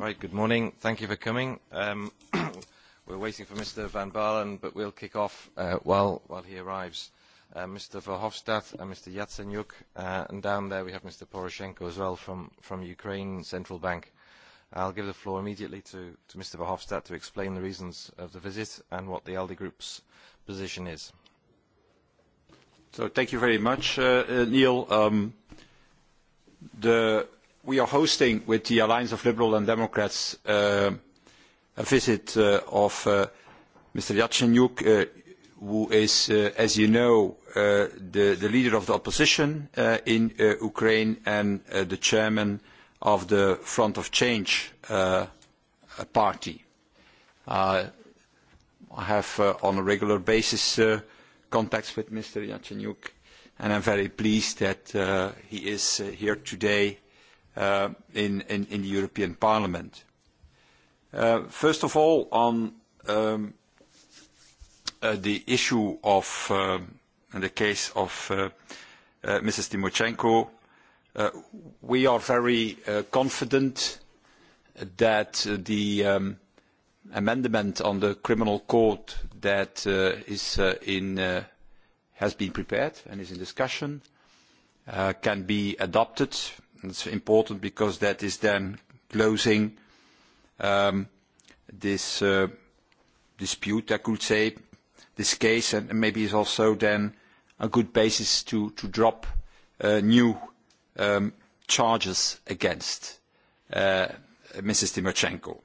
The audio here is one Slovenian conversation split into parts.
Right. Good morning. Thank you for coming. Um, we're waiting for Mr. van Baalen, but we'll kick off uh, while he arrives. Uh, Mr. Verhofstadt and Mr. Yatsenyuk, uh, and down there we have Mr. Poroshenko as well from Ukraine Central Bank. I'll give the floor immediately to Mr. Verhofstadt to explain the reasons of the visit and what the ALDE Group's position is. Thank you very much, Neil. Um, the we are hosting with the Alliance of Liberal and Democrats uh, a visit uh, of uh, Mr. Yatsenyuk, uh, who is, uh, as you know, uh, the, the leader of the opposition uh, in uh, Ukraine and uh, the chairman of the Front of Change uh, party. Uh, I have uh, on a regular basis uh, contacts with Mr. Yatsenyuk and I'm very pleased that uh, he is uh, here today uh, Uh, in the European Parliament. Uh, first of all, on um, uh, the issue of and um, the case of Mrs. Tymoshenko, we are very confident that the um, amendment on the criminal code that has been prepared and is in discussion can be adopted That's important because that is then closing um, this uh, dispute, I could say, this case, and maybe is also then a good basis to drop uh, new um, charges against uh, Mrs. Tymoshenko.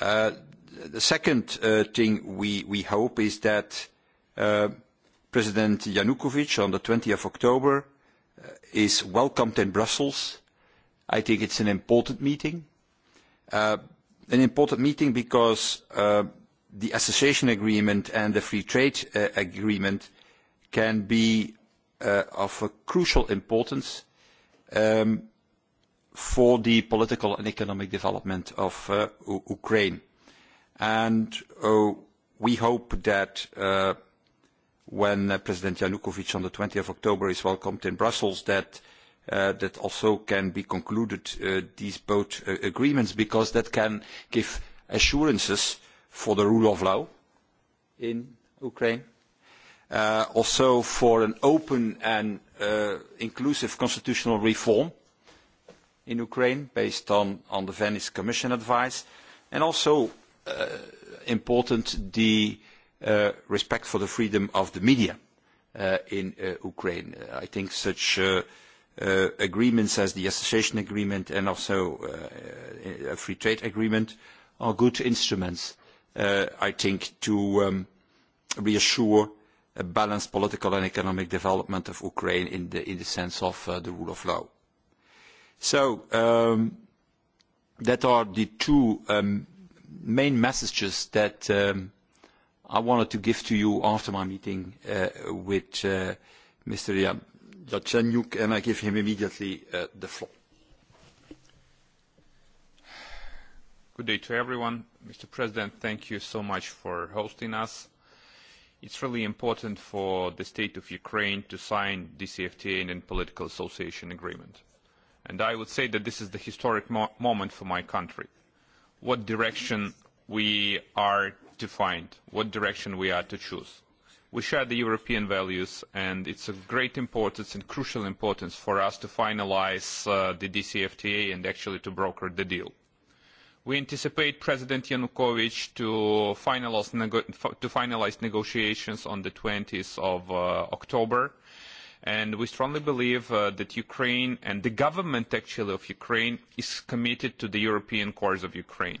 The second thing we hope is that President Yanukovych, on the 20th of October, Uh, is welcomed in Brussels. I think it's an important meeting. Uh, an important meeting because uh, the association agreement and the free trade uh, agreement can be uh, of a crucial importance um, for the political and economic development of uh, Ukraine. And uh, we hope that uh, when uh, President Yanukovych on the 20th of October is welcomed in Brussels that uh, that also can be concluded uh, these both uh, agreements because that can give assurances for the rule of law in Ukraine, uh, also for an open and uh, inclusive constitutional reform in Ukraine based on, on the Venice Commission advice, and also uh, important the uh, Uh, respect for the freedom of the media uh, in uh, Ukraine. Uh, I think such uh, uh, agreements as the association agreement and also uh, a free trade agreement are good instruments, uh, I think, to um, reassure a balanced political and economic development of Ukraine in the, in the sense of uh, the rule of law. So um, that are the two um, main messages that um, I wanted to give to you after my meeting uh, with uh, Mr. Yatsenyuk, ja-, and I give him immediately uh, the floor. Good day to everyone. Mr. President, thank you so much for hosting us. It's really important for the state of Ukraine to sign DCFTA and political association agreement. I would say that this is the historic moment for my country. What direction we are defined what direction we are to choose. We share the European values, and it's of great importance and crucial importance for us to finalize uh, the DCFTA and actually to broker the deal. We anticipate President Yanukovych to finalize, nego- to finalize negotiations on the 20th of uh, October, and we strongly believe uh, that Ukraine and the government actually of Ukraine is committed to the European course of Ukraine.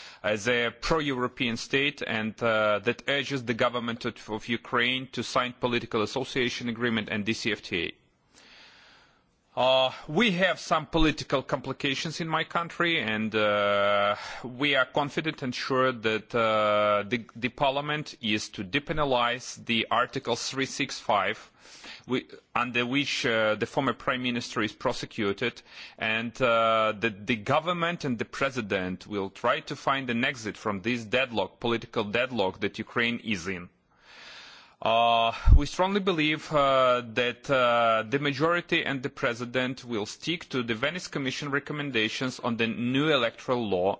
as a pro European state and uh, that urges the government of, of Ukraine to sign political association agreement and DCFTA. Uh, we have some political complications in my country and uh, we are confident and sure that uh, the, the parliament is to depenalize the Article 365 under which uh, the former prime minister is prosecuted and uh, the, the government and the president will try to find an exit from this deadlock, political deadlock that Ukraine is in. Uh, we strongly believe uh, that uh, the majority and the president will stick to the Venice Commission recommendations on the new electoral law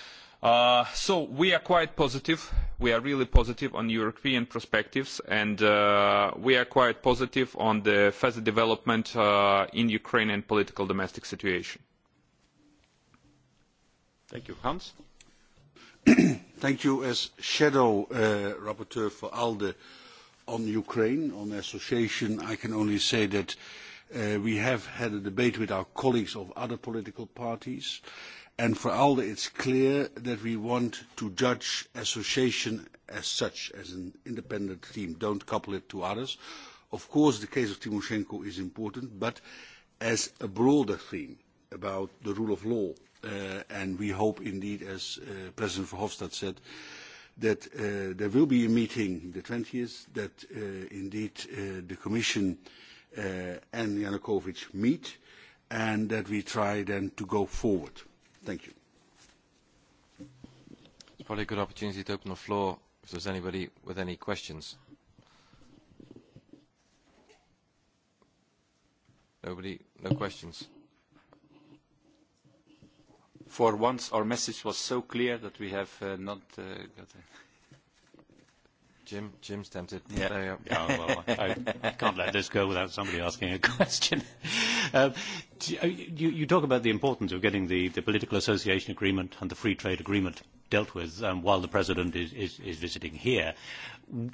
Uh, we are quite positive. We are really positive on European perspectives, and uh, we are quite positive on the further development uh, in Ukraine and political domestic situation. Thank you. Hans? Thank you. As shadow rapporteur for ALDE on Ukraine, on the association, I can only say that Uh, we have had a debate with our colleagues of other political parties. And for ALDE, it's clear that we want to judge association as such, as an independent team. Don't couple it to others. Of course, the case of Timoshenko is important, but as a broader theme about the rule of law. Uh, and we hope indeed, as uh, President Verhofstadt said, that uh, there will be a meeting the 20th, that uh, indeed uh, the Commission uh, and Yanukovych meet and that we try then to go forward. Thank you. It's probably a good opportunity to open the floor if there's anybody with any questions. Nobody, no questions. For once, our message was so clear that we have uh, not uh, got it. Jim, Jim's tempted. Yeah. There you go. Oh, well, I, I can't let this go without somebody asking a question. Um, oh, you, you talk about the importance of getting the, the political association agreement and the free trade agreement dealt with um, while the president is, is, is visiting here.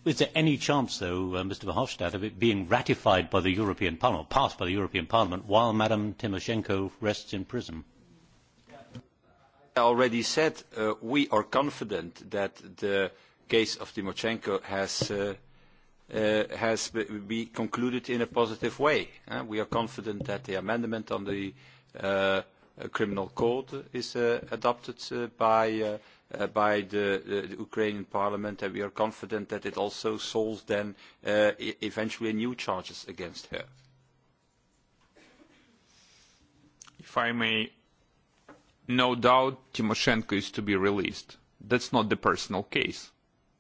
Is there any chance, though, uh, Mr. Verhofstadt, of it being ratified by the European Parliament, passed by the European Parliament, while Madam Timoshenko rests in prison? I already said uh, we are confident that the case of Timoshenko has, uh, uh, has be, be concluded in a positive way. Uh, we are confident that the amendment on the uh, uh, criminal code is uh, adopted uh, by, uh, uh, by the, the, the Ukrainian parliament, and we are confident that it also solves then uh, e-, eventually new charges against her. If I may, no doubt Timoshenko is to be released. That's not the personal case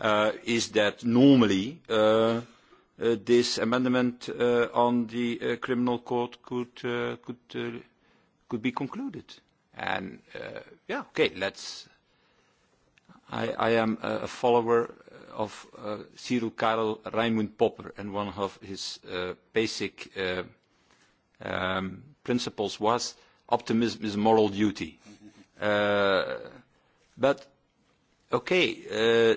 Uh, is that normally uh, uh, this amendment on the criminal code could be concluded. Yeah, okay, let's. I am a follower of Cyril Karel Raimund Popper, and one of his basic um, principles was, "Optimism is a moral duty." But okay,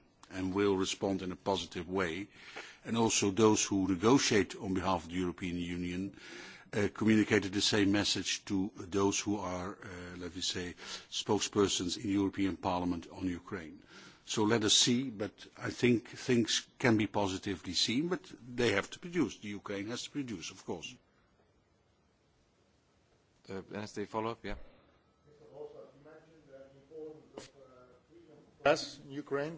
and will respond in a positive way. And also those who negotiate on behalf of the European Union uh, communicated the same message to those who are, uh, let me say, spokespersons in European Parliament on Ukraine. So let us see, but I think things can be positively seen, but they have to produce. The Ukraine has to produce, of course. Uh, as they follow up, yeah. Mr. Rosa, you mentioned the importance of uh, freedom of press in Ukraine.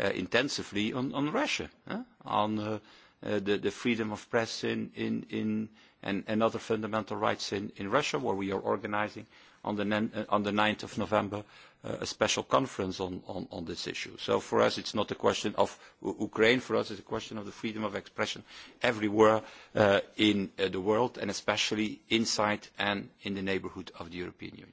uh, intensively on, on Russia, huh? on uh, uh, the, the freedom of press in, in, in, and, and other fundamental rights in, in Russia, where we are organizing on the, uh, on the 9th of November uh, a special conference on, on, on this issue. So for us, it's not a question of Ukraine. For us, it's a question of the freedom of expression everywhere uh, in uh, the world, and especially inside and in the neighborhood of the European Union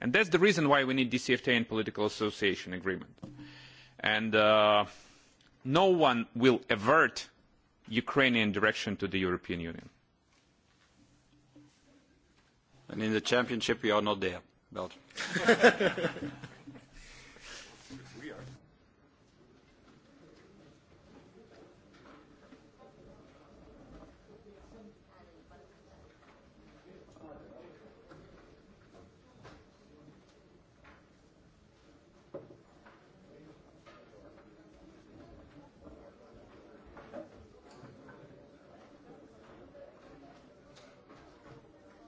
and that's the reason why we need the CFTA and political association agreement. And uh, no one will avert Ukrainian direction to the European Union. And in the championship, we are not there, Belgium.